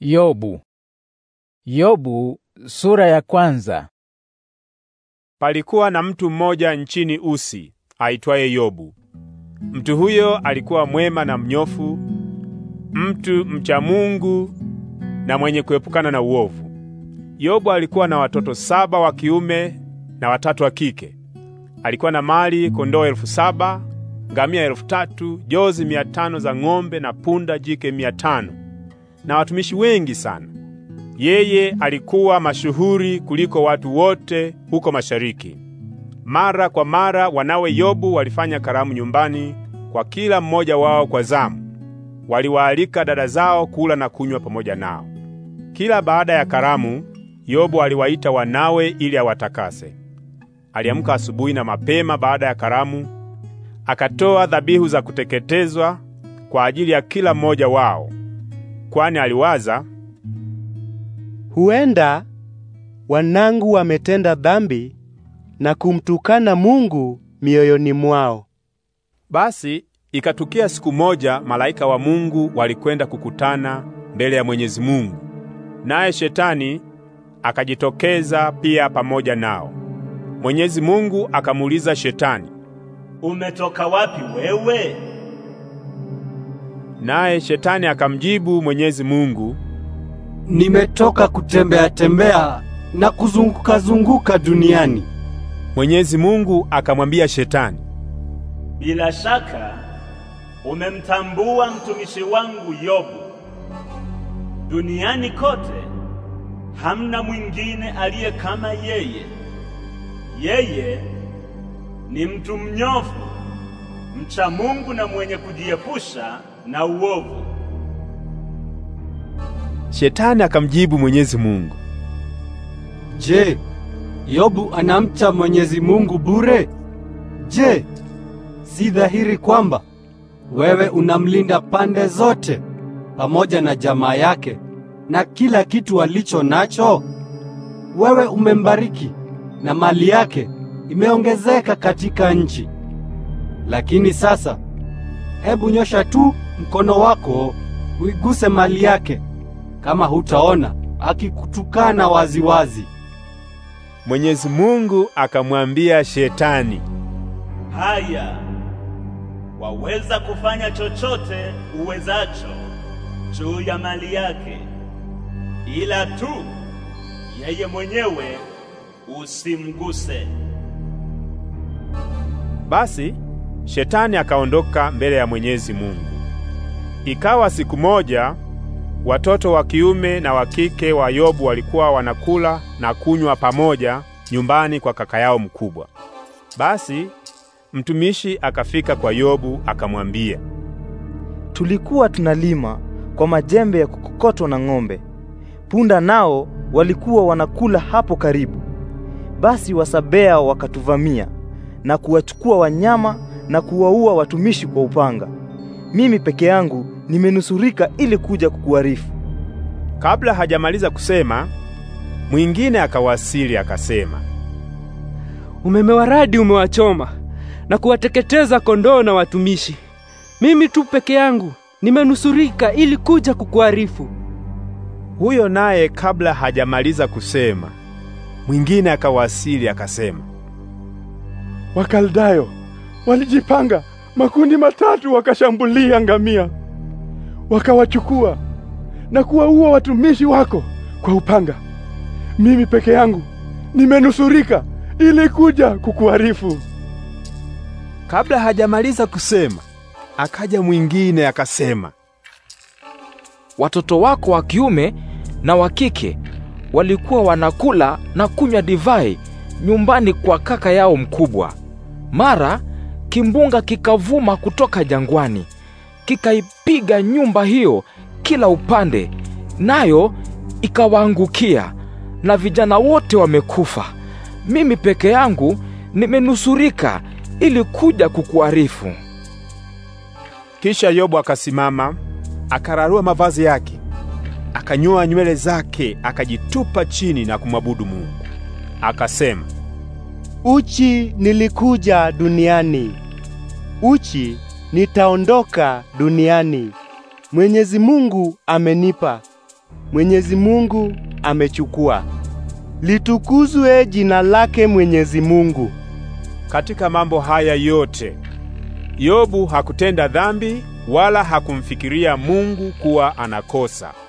Yobu. Yobu sura ya kwanza. Palikuwa na mtu mmoja nchini Usi aitwaye Yobu. Mtu huyo alikuwa mwema na mnyofu, mtu mcha Mungu na mwenye kuepukana na uovu. Yobu alikuwa na watoto saba wa kiume na watatu wa kike. Alikuwa na mali kondoo elfu saba, ngamia elfu tatu, jozi mia tano za ng'ombe na punda jike mia tano na watumishi wengi sana. Yeye alikuwa mashuhuri kuliko watu wote huko mashariki. Mara kwa mara wanawe Yobu walifanya karamu nyumbani kwa kila mmoja wao kwa zamu. Waliwaalika dada zao kula na kunywa pamoja nao. Kila baada ya karamu, Yobu aliwaita wanawe ili awatakase. Aliamka asubuhi na mapema baada ya karamu, akatoa dhabihu za kuteketezwa kwa ajili ya kila mmoja wao kwani aliwaza, huenda wanangu wametenda dhambi na kumtukana Mungu mioyoni mwao. Basi ikatukia siku moja malaika wa Mungu walikwenda kukutana mbele ya Mwenyezi Mungu, naye Shetani akajitokeza pia pamoja nao. Mwenyezi Mungu akamuuliza Shetani, umetoka wapi wewe? Naye shetani akamjibu Mwenyezi Mungu, nimetoka kutembea tembea na kuzunguka zunguka duniani. Mwenyezi Mungu akamwambia shetani, bila shaka umemtambua mtumishi wangu Yobu. Duniani kote hamna mwingine aliye kama yeye. Yeye ni mtu mnyofu, mcha Mungu na mwenye kujiepusha na uovu. Shetani akamjibu Mwenyezi Mungu, Je, Yobu anamcha Mwenyezi Mungu bure? Je, si dhahiri kwamba wewe unamlinda pande zote pamoja na jamaa yake na kila kitu alicho nacho? Wewe umembariki na mali yake imeongezeka katika nchi. Lakini sasa hebu nyosha tu mkono wako uiguse mali yake, kama hutaona akikutukana waziwazi. Mwenyezi Mungu akamwambia Shetani, haya, waweza kufanya chochote uwezacho juu ya mali yake, ila tu yeye mwenyewe usimguse. Basi Shetani akaondoka mbele ya Mwenyezi Mungu. Ikawa siku moja watoto wa kiume na wa kike wa Yobu walikuwa wanakula na kunywa pamoja nyumbani kwa kaka yao mkubwa. Basi mtumishi akafika kwa Yobu akamwambia, tulikuwa tunalima kwa majembe ya kukokotwa na ng'ombe. Punda nao walikuwa wanakula hapo karibu, basi wasabea wakatuvamia na kuwachukua wanyama na kuwaua watumishi kwa upanga mimi peke yangu nimenusurika ili kuja kukuarifu. Kabla hajamaliza kusema, mwingine akawasili akasema, umeme wa radi umewachoma na kuwateketeza kondoo na watumishi. Mimi tu peke yangu nimenusurika ili kuja kukuarifu. Huyo naye kabla hajamaliza kusema, mwingine akawasili akasema, Wakaldayo walijipanga makundi matatu wakashambulia ngamia, wakawachukua na kuwaua watumishi wako kwa upanga. Mimi peke yangu nimenusurika ili kuja kukuarifu. Kabla hajamaliza kusema, akaja mwingine akasema, watoto wako wa kiume na wa kike walikuwa wanakula na kunywa divai nyumbani kwa kaka yao mkubwa. Mara kimbunga kikavuma kutoka jangwani, kikaipiga nyumba hiyo kila upande, nayo ikawaangukia, na vijana wote wamekufa. Mimi peke yangu nimenusurika ili kuja kukuarifu. Kisha Yobu akasimama, akararua mavazi yake, akanyoa nywele zake, akajitupa chini na kumwabudu Mungu. Akasema, Uchi nilikuja duniani, uchi nitaondoka duniani. Mwenyezi Mungu amenipa, Mwenyezi Mungu amechukua. Litukuzwe jina lake Mwenyezi Mungu. Katika mambo haya yote, Yobu hakutenda dhambi wala hakumfikiria Mungu kuwa anakosa.